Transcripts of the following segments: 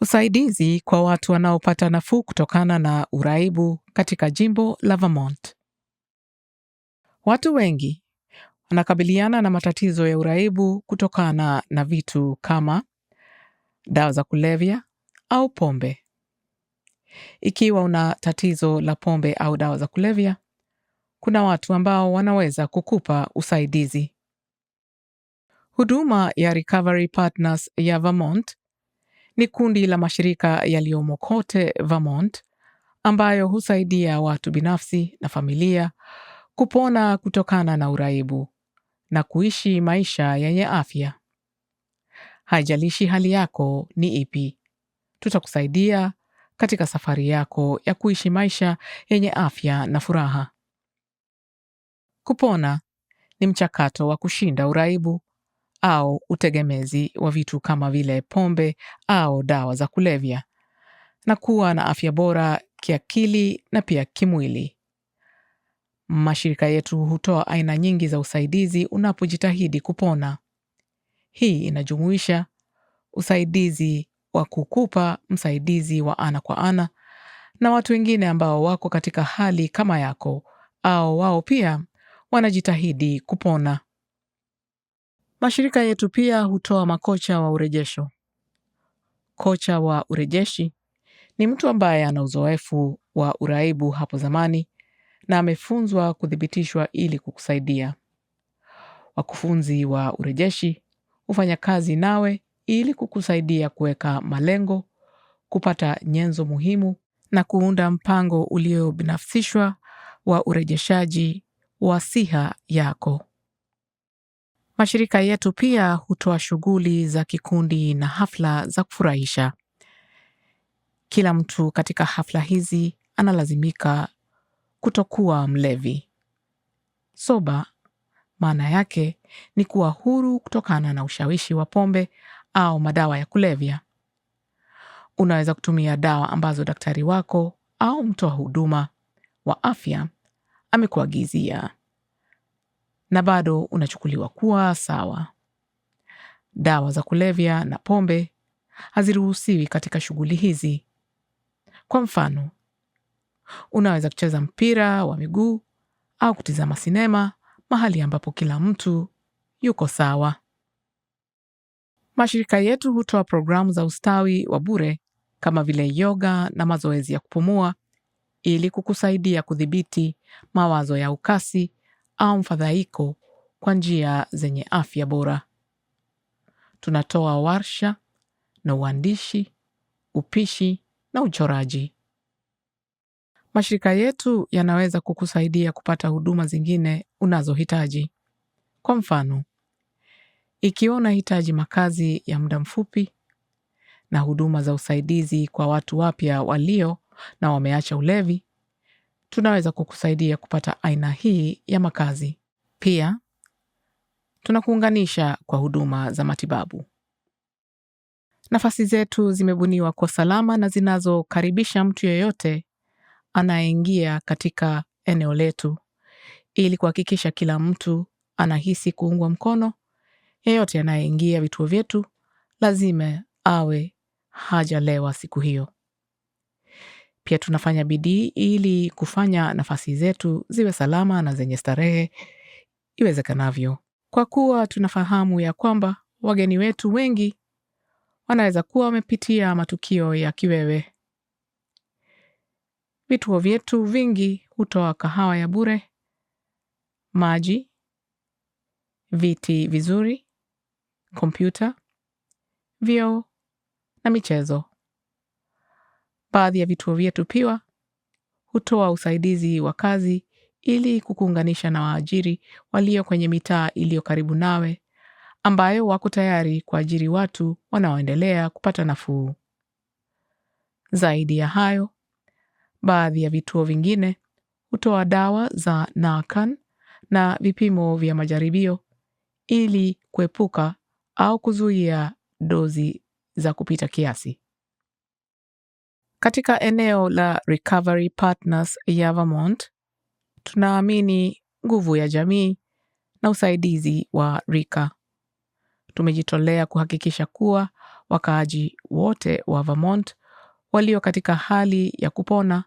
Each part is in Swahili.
usaidizi kwa watu wanaopata nafuu kutokana na uraibu katika jimbo la Vermont. Watu wengi wanakabiliana na matatizo ya uraibu kutokana na vitu kama dawa za kulevya au pombe. Ikiwa una tatizo la pombe au dawa za kulevya, kuna watu ambao wanaweza kukupa usaidizi. Huduma ya Recovery Partners ya Vermont ni kundi la mashirika yaliyomo kote Vermont ambayo husaidia watu binafsi na familia kupona kutokana na uraibu na kuishi maisha yenye afya. Haijalishi hali yako ni ipi, tutakusaidia katika safari yako ya kuishi maisha yenye afya na furaha. Kupona ni mchakato wa kushinda uraibu au utegemezi wa vitu kama vile pombe au dawa za kulevya na kuwa na afya bora kiakili na pia kimwili. Mashirika yetu hutoa aina nyingi za usaidizi unapojitahidi kupona. Hii inajumuisha usaidizi wa kukupa, msaidizi wa ana kwa ana, na watu wengine ambao wako katika hali kama yako au wao pia wanajitahidi kupona. Mashirika yetu pia hutoa makocha wa urejesho. Kocha wa urejeshi ni mtu ambaye ana uzoefu wa uraibu hapo zamani na amefunzwa kuthibitishwa ili kukusaidia. Wakufunzi wa urejeshi hufanya kazi nawe ili kukusaidia kuweka malengo, kupata nyenzo muhimu na kuunda mpango uliobinafsishwa wa urejeshaji wa siha yako. Mashirika yetu pia hutoa shughuli za kikundi na hafla za kufurahisha. Kila mtu katika hafla hizi analazimika kutokuwa mlevi. Soba maana yake ni kuwa huru kutokana na ushawishi wa pombe au madawa ya kulevya. Unaweza kutumia dawa ambazo daktari wako au mtoa huduma wa afya amekuagizia na bado unachukuliwa kuwa sawa. Dawa za kulevya na pombe haziruhusiwi katika shughuli hizi. Kwa mfano, unaweza kucheza mpira wa miguu au kutizama sinema mahali ambapo kila mtu yuko sawa. Mashirika yetu hutoa programu za ustawi wa bure kama vile yoga na mazoezi ya kupumua ili kukusaidia kudhibiti mawazo ya ukasi au mfadhaiko kwa njia zenye afya bora. Tunatoa warsha na uandishi, upishi na uchoraji. Mashirika yetu yanaweza kukusaidia kupata huduma zingine unazohitaji. Kwa mfano, ikiwa unahitaji makazi ya muda mfupi na huduma za usaidizi kwa watu wapya walio na wameacha ulevi, tunaweza kukusaidia kupata aina hii ya makazi. Pia tunakuunganisha kwa huduma za matibabu. Nafasi zetu zimebuniwa kwa salama na zinazokaribisha mtu yeyote anayeingia katika eneo letu ili kuhakikisha kila mtu anahisi kuungwa mkono. Yeyote anayeingia vituo vyetu lazima awe hajalewa siku hiyo. Pia tunafanya bidii ili kufanya nafasi zetu ziwe salama na zenye starehe iwezekanavyo, kwa kuwa tunafahamu ya kwamba wageni wetu wengi wanaweza kuwa wamepitia matukio ya kiwewe. Vituo vyetu vingi hutoa kahawa ya bure, maji, viti vizuri, kompyuta, vyoo na michezo. Baadhi ya vituo vyetu pia hutoa usaidizi wa kazi ili kukuunganisha na waajiri walio kwenye mitaa iliyo karibu nawe ambayo wako tayari kuajiri watu wanaoendelea kupata nafuu. Zaidi ya hayo, baadhi ya vituo vingine hutoa dawa za Narcan na vipimo vya majaribio ili kuepuka au kuzuia dozi za kupita kiasi. Katika eneo la Recovery Partners Vermont, tunaamini nguvu ya jamii na usaidizi wa rika. Tumejitolea kuhakikisha kuwa wakaaji wote wa Vermont walio katika hali ya kupona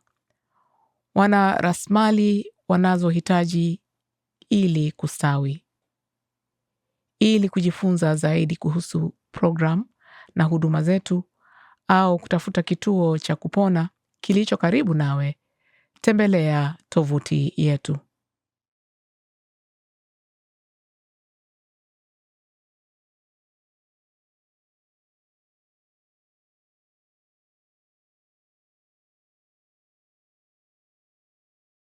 wana rasilimali wanazohitaji ili kustawi. Ili kujifunza zaidi kuhusu programu na huduma zetu, au kutafuta kituo cha kupona kilicho karibu nawe, tembelea tovuti yetu.